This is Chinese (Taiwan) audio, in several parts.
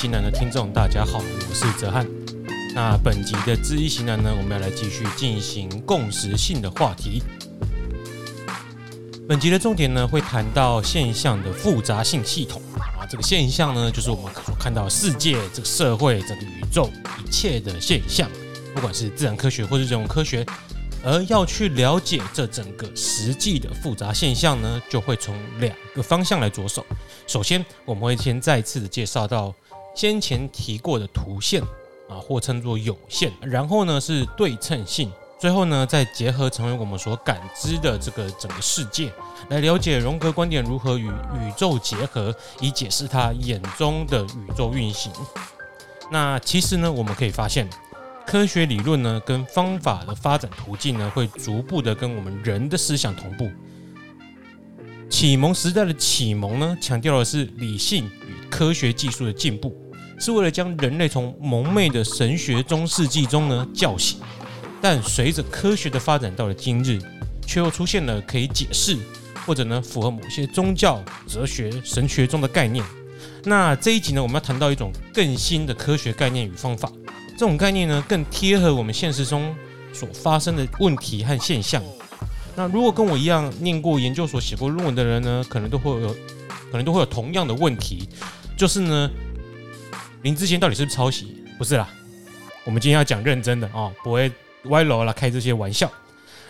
型男的聽眾，大家好，我是哲翰。那本集的知易型男呢，我們要來繼續進行共時性的話題。本集的重點呢，會談到現象的複雜性系統啊。這個現象呢，就是我們所看到世界、這個社會、這個宇宙一切的現象，不管是自然科學或者人文科學。而要去了解這整個實際的複雜現象呢，就會從兩個方向來着手。首先，我們會先再次的介紹到。先前提過的突現，啊，或稱作湧現。然後呢是對稱性，最後呢再結合成為我們所感知的這個整個世界，來了解榮格觀點如何與宇宙結合，以解釋他眼中的宇宙運行。那其實呢，我們可以發現，科學理論呢跟方法的發展途徑呢，會逐步的跟我們人的思想同步。啟蒙時代的啟蒙呢，強調的是理性與科學技術的進步，是為了將人類從蒙昧的神學中世紀中呢叫醒。但隨着科學的發展，到了今日，卻又出現了可以解釋或者呢符合某些宗教、哲學、神學中的概念。那這一集呢，我們要談到一種更新的科學概念與方法，這種概念呢更貼合我們現實中所發生的問題和現象。那如果跟我一樣唸過研究所、寫過論文的人呢，可能都會有，可能都會有同樣的問題，就是呢，林智堅到底是不是抄襲？不是啦，我們今天要講認真的啊、喔，不會歪樓啦。開這些玩笑。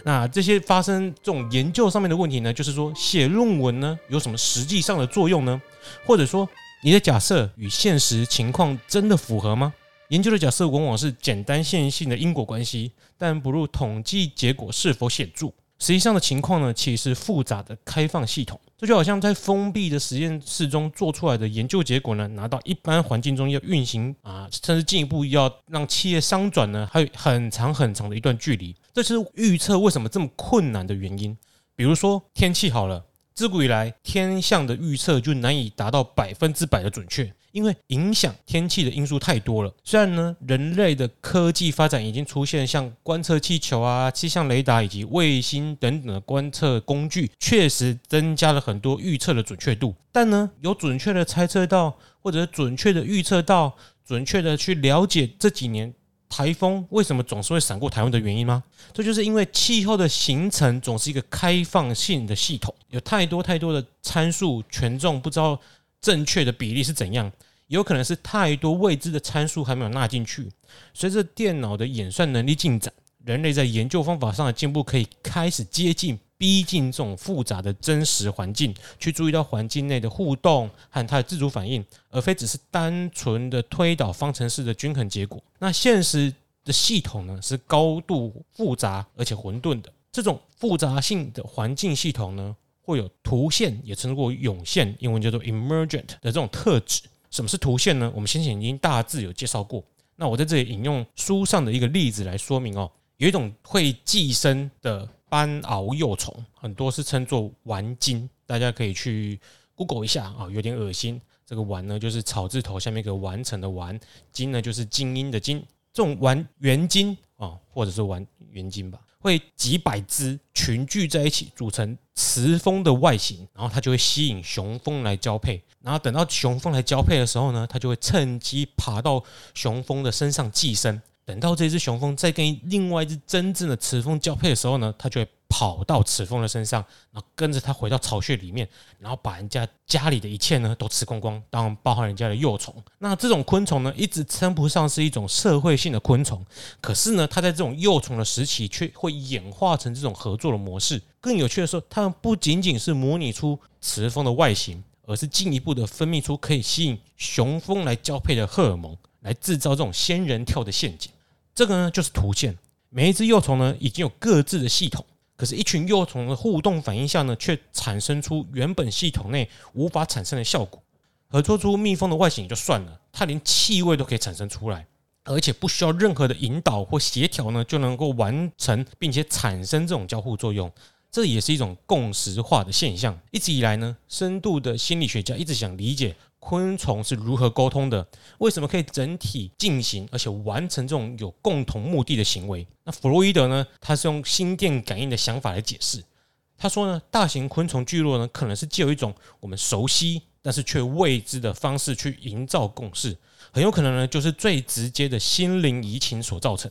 那這些發生這種研究上面的問題呢，就是說寫論文呢有什麼實際上的作用呢？或者說你的假設與現實情況真的符合嗎？研究的假設往往是簡單線性的因果關係，但不如統計結果是否顯著。實際上的情況呢，其實是複雜的開放系統。這就好像在封閉的實驗室中做出來的研究結果呢，拿到一般環境中要運行啊，甚至進一步要讓企業商轉呢，還有很長很長的一段距離。這是預測為什麼這麼困難的原因。比如說天氣好了，自古以來天象的預測就難以達到百分之百的準確。因為影響天氣的因素太多了，雖然呢，人類的科技發展已經出現像觀測氣球啊、氣象雷達以及衛星等等的觀測工具，確實增加了很多預測的準確度。但呢，有準確的猜測到或者準確的預測到、準確的去了解這幾年台風為什麼總是會閃過台灣的原因嗎？這就是因為氣候的形成總是一個開放性的系統，有太多太多的參數權重，不知道。正確的比例是怎樣？有可能是太多未知的參數還沒有納進去。隨着電腦的演算能力進展，人類在研究方法上的進步，可以開始接近、逼近這種複雜的真實環境，去注意到環境內的互動和它的自主反應，而非只是單純的推導方程式的均衡結果。那現實的系統呢，是高度複雜而且混沌的。這種複雜性的環境系統呢，會有突現，也稱作湧現，英文叫做 emergent 的這種特質。什麼是突現呢？我們先前已經大致有介紹過。那我在這裡引用書上的一個例子來說明哦。有一種會寄生的斑蝥幼蟲，很多是稱作芫菁，大家可以去 Google 一下啊、哦，有點噁心。這個芫呢，就是草字頭下面一個完成的完，菁呢就是菁英的菁，這種玩圓精啊、哦，或者是玩圓精吧。會幾百隻群聚在一起，組成雌蜂的外形，然後它就會吸引雄蜂來交配。然後等到雄蜂來交配的時候呢，它就會趁機爬到雄蜂的身上寄生。等到這隻雄蜂再跟另外一隻真正的雌蜂交配的時候呢，它就會跑到雌蜂的身上，然後跟着它回到巢穴裡面，然後把人家家裡的一切呢都吃光光，當然包含人家的幼蟲。那這種昆蟲呢，一直稱不上是一種社會性的昆蟲，可是呢，它在這種幼蟲的時期卻會演化成這種合作的模式。更有趣的是，它們不僅僅是模擬出雌蜂的外形，而是進一步的分泌出可以吸引雄蜂來交配的荷爾蒙，來制造這種仙人跳的陷阱。這個呢，就是突現。每一隻幼蟲呢，已經有各自的系統，可是，一群幼蟲的互動反應下呢，卻產生出原本系統內無法產生的效果。而做出蜜蜂的外形也就算了，它連氣味都可以產生出來，而且不需要任何的引導或協調呢，就能夠完成並且產生這種交互作用。這也是一種共識化的現象。一直以來呢，深度的心理學家一直想理解昆蟲是如何溝通的，為什麼可以整體進行，而且完成這種有共同目的的行為？那弗洛伊德呢，他是用心電感應的想法來解釋。他說呢，大型昆蟲聚落呢，可能是借由一種我們熟悉但是卻未知的方式去營造共識，很有可能呢，就是最直接的心靈移情所造成。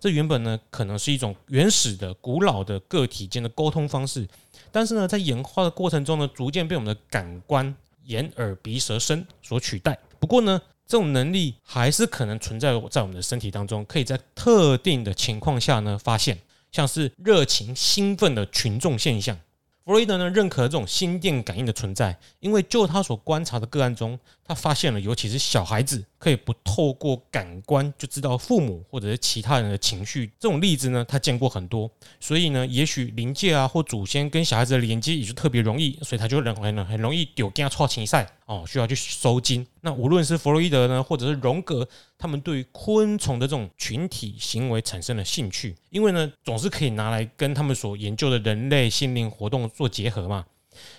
這原本呢，可能是一種原始的、古老的個體間的溝通方式，但是呢，在演化的過程中呢，逐漸被我們的感官、眼、耳、鼻、舌、身所取代。不過呢，這種能力還是可能存在在我們的身體當中，可以在特定的情況下呢，發現，像是熱情、興奮的群眾現象。弗洛伊德呢，認可這種心電感應的存在，因為就他所觀察的個案中，他發現了，尤其是小孩子。可以不透過感官，就知道父母或者是其他人的情緒，這種例子呢，他見過很多，所以呢，也許靈界啊或祖先跟小孩子的連接也就特別容易，所以他就認為呢，很容易丟掉錯情賽哦，需要去收驚。那無論是弗洛伊德呢，或者是榮格，他們對昆蟲的這種群體行為產生了興趣，因為呢，總是可以拿來跟他們所研究的人類心靈活動做結合嘛，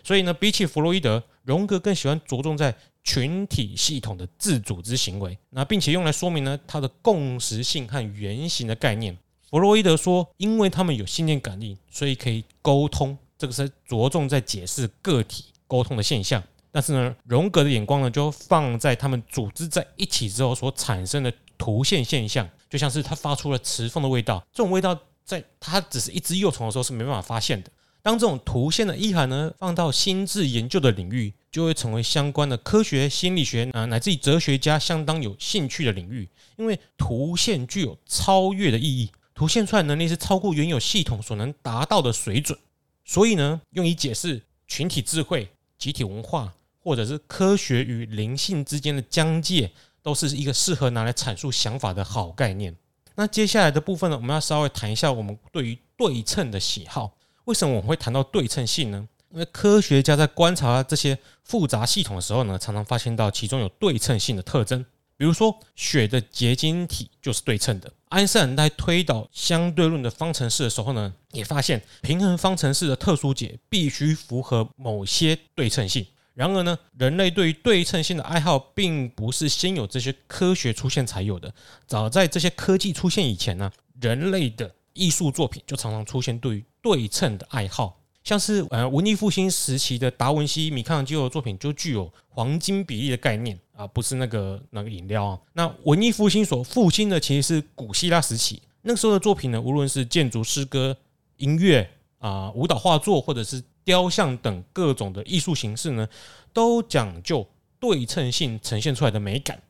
所以呢，比起弗洛伊德，榮格更喜歡着重在，群體系統的自組織行為，那並且用來說明呢，它的共時性和原型的概念。弗洛伊德說，因為他們有信念感應，所以可以溝通。這個是着重在解釋個體溝通的現象。但是呢，榮格的眼光呢就放在他們組織在一起之後所產生的突現現象，就像是他發出了雌蜂的味道。這種味道在它只是一隻幼蟲的時候是沒辦法發現的。當這種突現的意涵呢，放到心智研究的領域，就會成為相關的科學心理學啊，乃至於哲學家相當有興趣的領域。因為突現具有超越的意義，突現出來的能力是超過原有系統所能達到的水準。所以呢，用以解釋群體智慧、集體文化，或者是科學與靈性之間的疆界，都是一個適合拿來闡述想法的好概念。那接下來的部分呢，我們要稍微談一下我們對於對稱的喜好。為什麼我們會談到對稱性呢？因為科學家在觀察這些複雜系統的時候呢，常常發現到其中有對稱性的特徵。比如說，雪的結晶體就是對稱的。愛因斯坦在推導相對論的方程式的時候呢，也發現平衡方程式的特殊解必須符合某些對稱性。然而呢，人類對於對稱性的愛好並不是先有這些科學出現才有的。早在這些科技出現以前呢，人類的。藝術作品就常常出現對於對稱的愛好，像是呃文藝復興時期的達文西、米開朗基羅的作品就具有黃金比例的概念啊，不是那個那個飲料啊。那文藝復興所復興的其實是古希臘時期，那時候的作品呢，無論是建築、詩歌、音樂啊、舞蹈、畫作或者是雕像等各種的藝術形式呢，都講究對稱性呈現出來的美感，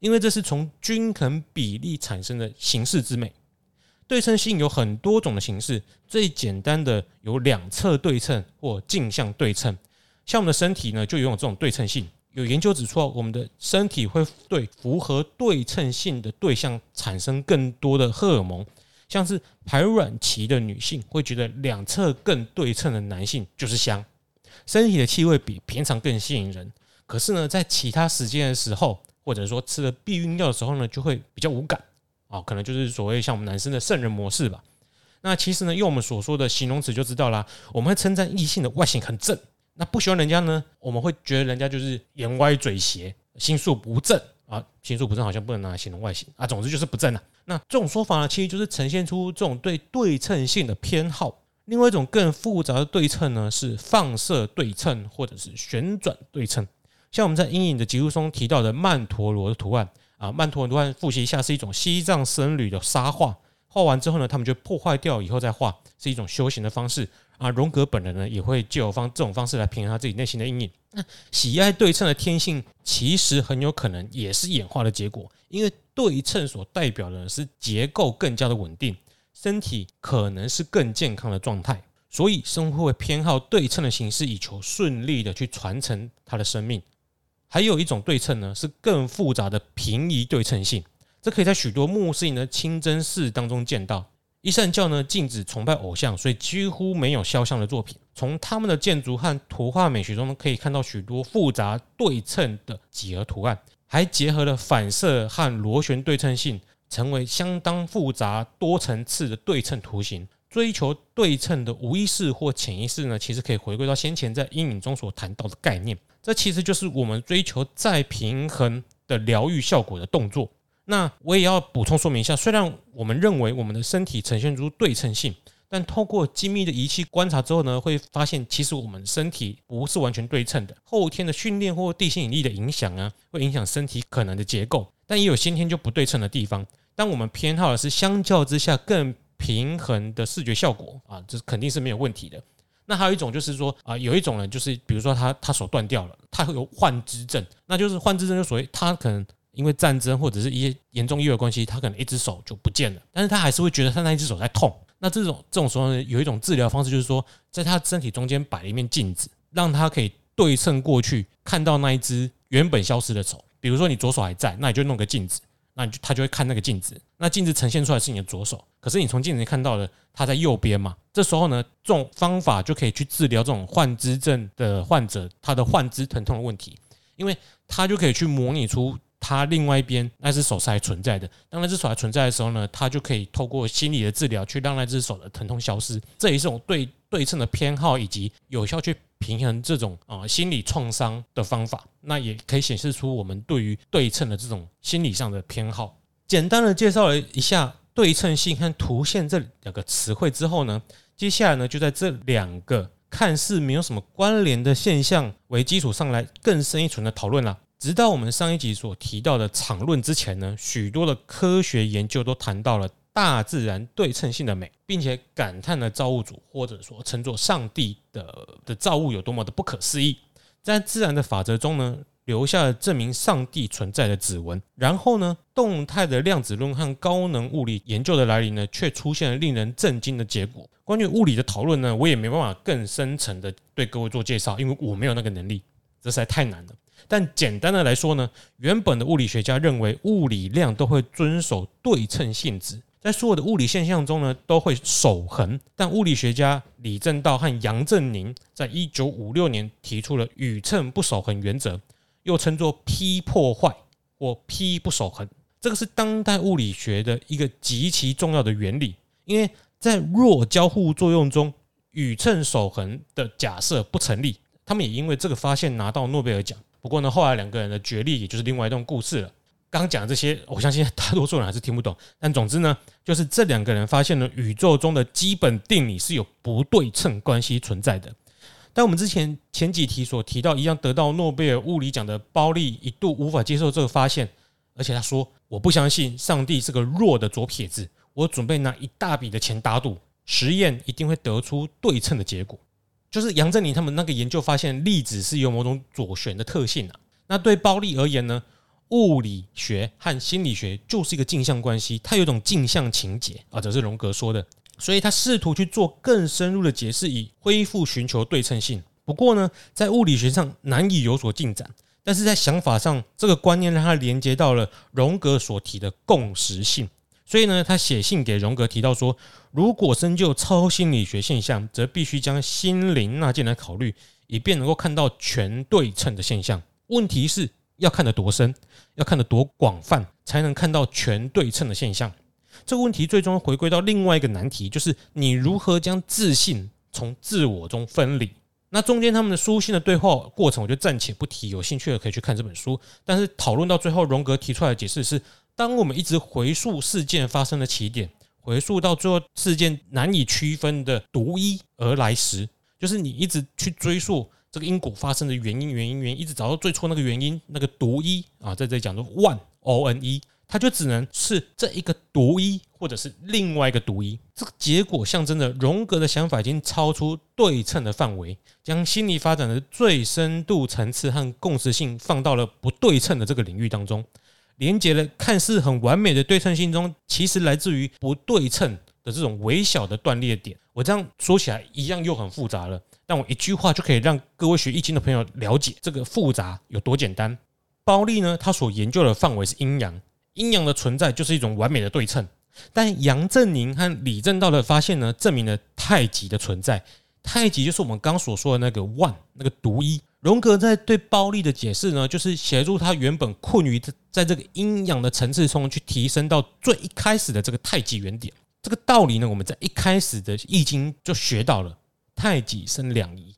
因為這是從均衡比例產生的形式之美。對稱性有很多種的形式，最簡單的有兩側對稱或鏡像對稱。像我們的身體呢，就擁有這種對稱性。有研究指出，我們的身體會對符合對稱性的對象產生更多的荷爾蒙，像是排卵期的女性會覺得兩側更對稱的男性就是香，身體的氣味比平常更吸引人。可是呢，在其他時間的時候，或者說吃了避孕藥的時候呢，就會比較無感。哦，可能就是所謂像我們男生的聖人模式吧。那其實呢，用我們所說的形容詞就知道啦。我們會稱讚異性的外形很正，那不喜歡人家呢，我們會覺得人家就是眼歪嘴斜、心術不正啊。心術不正好像不能拿來形容外形啊，總之就是不正了啊。那這種說法呢，其實就是呈現出這種對對稱性的偏好。另外一種更複雜的對稱呢，是放射對稱或者是旋轉對稱。像我們在《陰影的紀錄中》提到的曼陀羅的圖案。啊，曼陀羅圖案複習一下，是一種西藏僧侶的沙畫，畫完之後呢，他們就破壞掉，以後再畫，是一種修行的方式。啊，榮格本人呢，也會借由方這種方式來平衡他自己內心的陰影。那喜愛對稱的天性，其實很有可能也是演化的結果，因為對稱所代表的是結構更加的穩定，身體可能是更健康的狀態，所以生活會偏好對稱的形式，以求順利的去傳承他的生命。還有一種對稱呢，是更複雜的平移對稱性，這可以在許多穆斯林的清真寺當中見到。伊斯蘭教呢，禁止崇拜偶像，所以幾乎沒有肖像的作品。從他們的建築和圖畫美學中呢，可以看到許多複雜對稱的幾何圖案，還結合了反射和螺旋對稱性，成為相當複雜多層次的對稱圖形。追求對稱的無意識或潛意識呢，其實可以回歸到先前在陰影中所談到的概念。這其實就是我們追求再平衡的療癒效果的動作。那我也要補充說明一下，雖然我們認為我們的身體呈現出對稱性，但透過精密的儀器觀察之後呢，會發現其實我們身體不是完全對稱的。後天的訓練或地心引力的影響啊，會影響身體可能的結構，但也有先天就不對稱的地方。但我們偏好的是相較之下更平衡的視覺效果啊，這肯定是沒有問題的。那還有一種就是說啊、呃，有一種人就是，比如說他他手斷掉了，他有幻肢症。那就是幻肢症，就所謂他可能因為戰爭或者是一些嚴重醫療關係，他可能一隻手就不見了，但是他還是會覺得他那一隻手在痛。那這種這種時候呢，有一種治療方式就是說，在他身體中間擺一面鏡子，讓他可以對稱過去看到那一隻原本消失的手。比如說你左手還在，那你就弄個鏡子。那你就他就會看那個鏡子，那鏡子呈現出來是你的左手，可是你從鏡子裡看到的，他在右邊嘛。這時候呢，這種方法就可以去治療這種幻肢症，的患者他的幻肢疼痛的問題，因為他就可以去模擬出他另外一邊那隻手是還存在的。當那隻手還存在的時候呢，他就可以透過心理的治療去讓那隻手的疼痛消失。這也是種對對稱的偏好以及有效去平衡這種啊心理創傷的方法，那也可以顯示出我們對於對稱的這種心理上的偏好。簡單的介紹了一下對稱性和突現這兩個詞彙之後呢，接下來呢就在這兩個看似沒有什麼關聯的現象為基礎上來更深一層的討論了。直到我們上一集所提到的場論之前呢，許多的科學研究都談到了。大自然對稱性的美，並且感嘆了造物主或者說稱作上帝的的造物有多麼的不可思議，在自然的法則中呢，留下了證明上帝存在的指紋。然後呢，動態的量子論和高能物理研究的來臨呢，卻出現了令人震驚的結果。關於物理的討論呢，我也沒辦法更深層的對各位做介紹，因為我沒有那個能力，這實在太難了。但簡單的來說呢，原本的物理學家認為物理量都會遵守對稱性質。在所有的物理現象中呢，都會守恆。但物理學家李政道和楊振寧在一九五六年提出了宇稱不守恆原則，又稱作 P 破壞或 P 不守恆。這個是當代物理學的一個極其重要的原理，因為在弱交互作用中，宇稱守恆的假設不成立。他們也因為這個發現拿到諾貝爾獎。不過呢，後來兩個人的角力，也就是另外一段故事了。剛講的這些，我相信大多數人還是聽不懂。但總之呢，就是這兩個人發現了宇宙中的基本定理是有不對稱關係存在的。但我們之前前幾題所提到一樣，得到諾貝爾物理獎的包利一度無法接受這個發現，而且他說：“我不相信上帝是個弱的左撇子，我準備拿一大筆的錢打賭，實驗一定會得出對稱的結果。”就是楊振寧他們那個研究發現，粒子是有某種左旋的特性啊。那對包利而言呢？物理學和心理學就是一個鏡像關係，它有一種鏡像情節啊，這是榮格說的。所以他試圖去做更深入的解釋，以恢復尋求對稱性。不過呢，在物理學上難以有所進展，但是在想法上，這個觀念讓他連接到了榮格所提的共時性。所以呢，他寫信給榮格提到說，如果深究超心理學現象，則必須將心靈納進來考慮，以便能夠看到全對稱的現象。問題是，要看得多深，要看得多廣泛，才能看到全對稱的現象。這個問題最終回歸到另外一個難題，就是你如何將自信從自我中分離。那中間他們的書信的對話過程，我就暫且不提。有興趣的可以去看這本書。但是討論到最後，榮格提出來的解釋是：當我們一直回溯事件發生的起點，回溯到最後事件難以區分的獨一而來時，就是你一直去追溯。這個因果發生的原因，原因，原因，一直找到最初那個原因，那個獨一啊，在這裡講的 one o n e，它就只能是這一個獨一，或者是另外一個獨一。這個結果象徵着榮格的想法已經超出對稱的範圍，將心理發展的最深度層次和共時性放到了不對稱的這個領域當中，連接了看似很完美的對稱性中，其實來自於不對稱的這種微小的斷裂點。我這樣說起來一樣又很複雜了。但我一句話就可以讓各位學易經的朋友了解這個複雜有多簡單。包利呢，他所研究的範圍是陰陽，陰陽的存在就是一種完美的對稱。但楊振寧和李政道的發現呢，證明了太極的存在。太極就是我們剛所說的那個萬那個獨一。榮格在對包利的解釋呢，就是協助他原本困於在這個陰陽的層次中，去提升到最一開始的這個太極原點。這個道理呢，我們在一開始的易經就學到了。太極生兩儀，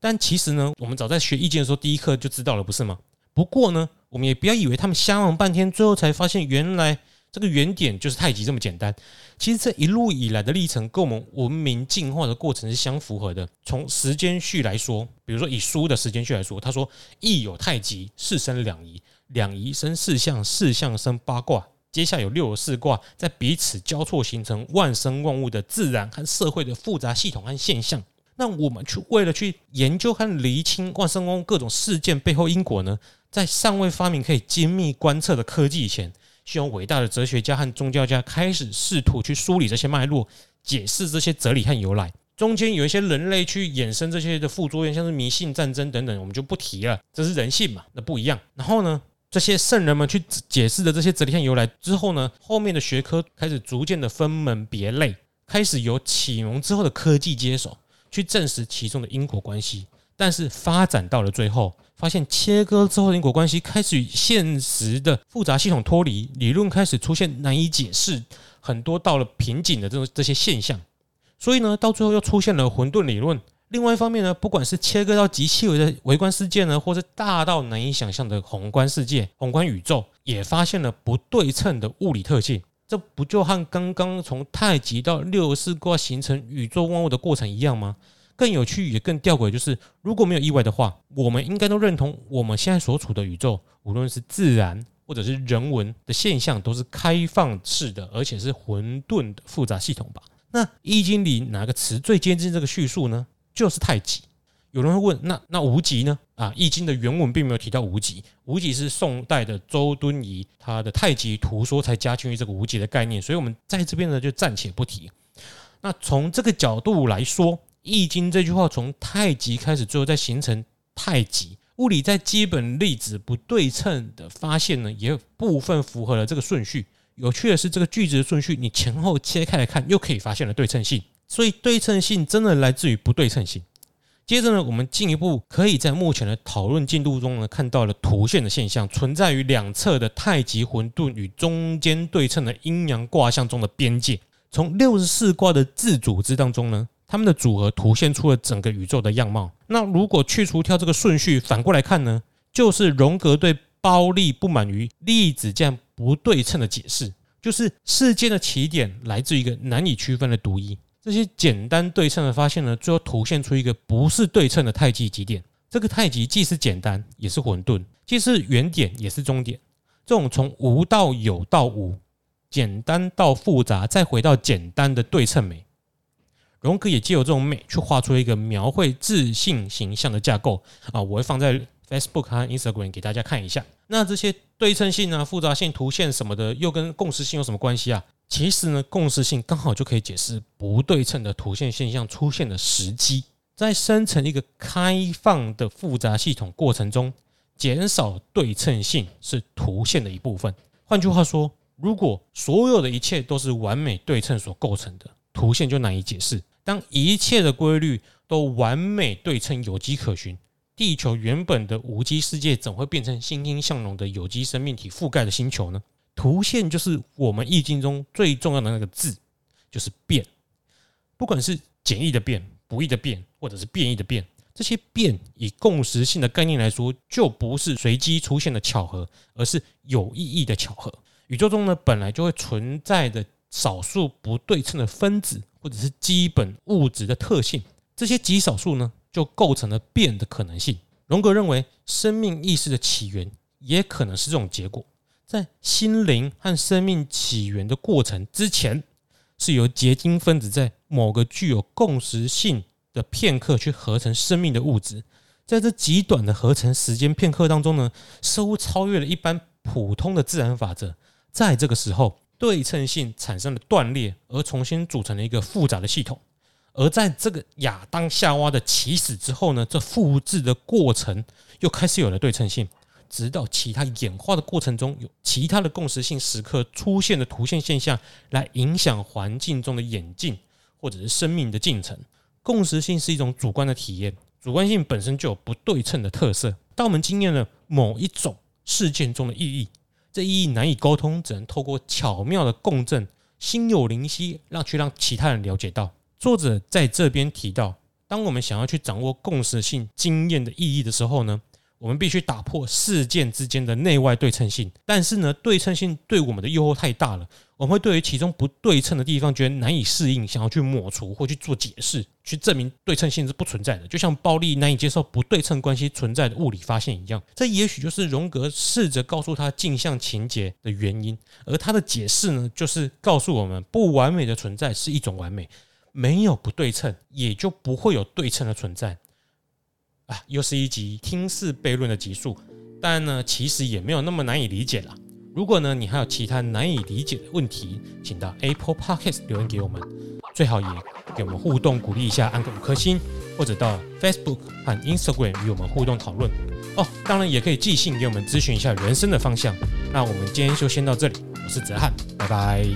但其實呢，我們早在學易經的時候，第一課就知道了，不是嗎？不過呢，我們也不要以為他們瞎忙半天，最後才發現原來這個原點就是太極這麼簡單。其實這一路以來的歷程，跟我們文明進化的過程是相符合的。從時間序來說，比如說以書的時間序來說，他說：“易有太極，是生兩儀，兩儀生四象，四象生八卦。接下來有六十四卦，在彼此交錯形成萬生萬物的自然和社會的複雜系統和現象。”那我們去為了去研究和釐清萬聖宮各種事件背後因果呢，在尚未發明可以精密觀測的科技以前，需要偉大的哲學家和宗教家開始試圖去梳理這些脈絡，解釋這些哲理和由來。中間有一些人類去衍生這些的副作用，像是迷信、戰爭等等，我們就不提了，這是人性嘛，那不一樣。然後呢，這些聖人們去解釋的這些哲理和由來之後呢，後面的學科開始逐漸的分門別類，開始由啟蒙之後的科技接手。去證實其中的因果關係，但是發展到了最後，發現切割之後的因果關係開始與現實的複雜系統脫離，理論開始出現難以解釋、很多到了瓶頸的這種這些現象。所以呢，到最後又出現了混沌理論。另外一方面呢，不管是切割到極細微的微觀世界呢，或者大到難以想象的宏觀世界、宏觀宇宙，也發現了不對稱的物理特性。這不就和剛剛從太極到六十四卦，形成宇宙萬物的過程一樣嗎？更有趣也更吊詭，就是如果沒有意外的話，我們應該都認同我們現在所處的宇宙，無論是自然或者是人文的現象，都是開放式的，而且是混沌的複雜系統吧？那《易經》裡哪個詞最接近這個敘述呢？就是太極。有人會問，那那無極呢？啊，《易經》的原文並沒有提到無極，無極是宋代的周敦頤他的《太極圖說》才加進於這個無極的概念，所以，我們在這邊呢就暫且不提。那從這個角度來說，《易經》這句話從太極開始，最後再形成太極。物理在基本粒子不對稱的發現呢，也有部分符合了這個順序。有趣的是，這個句子的順序，你前後切開來看，又可以發現了對稱性。所以，對稱性真的來自於不對稱性。接着呢，我們進一步可以在目前的討論進度中呢，看到了突現的現象存在於兩側的太極混沌與中間對稱的陰陽卦象中的邊界。從六十四卦的自組織當中呢，它們的組合突現出了整個宇宙的樣貌。那如果去除掉這個順序，反過來看呢，就是榮格對包立不滿於粒子這樣不對稱的解釋，就是世界的起點來自一個難以區分的獨一。這些簡單對稱的發現呢，最後突現出一個不是對稱的太極極點。這個太極既是簡單，也是混沌，既是原點，也是終點。這種從無到有到無，簡單到複雜，再回到簡單的對稱美，榮格也借由這種美去畫出一個描繪自信形象的架構啊！我會放在 Facebook 和 Instagram 給大家看一下。那這些對稱性啊、複雜性、突現什麼的，又跟共時性有什麼關係啊？其實呢，共時性剛好就可以解釋不對稱的突現現象出現的時機。在生成一個開放的複雜系統過程中，減少對稱性是突現的一部分。換句話說，如果所有的一切都是完美對稱所構成的，突現就難以解釋。當一切的規律都完美對稱、有跡可循，地球原本的無機世界怎會變成欣欣向榮的有機生命體覆蓋的星球呢？突現就是我們易經中最重要的那個字，就是變。不管是簡易的變、不易的變，或者是變易的變，這些變以共時性的概念來說，就不是隨機出現的巧合，而是有意義的巧合。宇宙中呢，本來就會存在的少數不對稱的分子，或者是基本物質的特性，這些極少數呢，就構成了變的可能性。榮格認為，生命意識的起源也可能是這種結果。在心靈和生命起源的過程之前，是由結晶分子在某個具有共時性的片刻去合成生命的物質。在這極短的合成時間片刻當中呢，似乎超越了一般普通的自然法則。在這個時候，對稱性產生了斷裂，而重新組成了一個複雜的系統。而在這個亞當夏娃的起始之後呢，這複製的過程又開始有了對稱性。直到其他演化的過程中有其他的共時性時刻出現的圖像現象，來影響環境中的演進或者是生命的進程。共時性是一種主觀的體驗，主觀性本身就有不對稱的特色。當我們經驗了某一種事件中的意義，這意義難以溝通，只能透過巧妙的共振、心有靈犀，讓去讓其他人了解到。作者在這邊提到，當我們想要去掌握共時性經驗的意義的時候呢，我們必須打破事件之間的內外對稱性，但是呢，對稱性對我們的誘惑太大了，我們會對於其中不對稱的地方覺得難以適應，想要去抹除或去做解釋，去證明對稱性是不存在的，就像暴力難以接受不對稱關係存在的物理發現一樣。這也許就是榮格試着告訴他鏡像情節的原因，而他的解釋呢，就是告訴我們不完美的存在是一種完美，沒有不對稱，也就不會有對稱的存在。啊，又是一集聽似悖論的集數，但呢，其實也沒有那麼難以理解了。如果呢，你還有其他難以理解的問題，請到 Apple Podcast 留言給我們，最好也給我們互動鼓勵一下，按個五顆星，或者到 Facebook 和 Instagram 與我們互動討論。哦，當然也可以寄信給我們諮詢一下人生的方向。那我們今天就先到這裡，我是哲瀚，拜拜。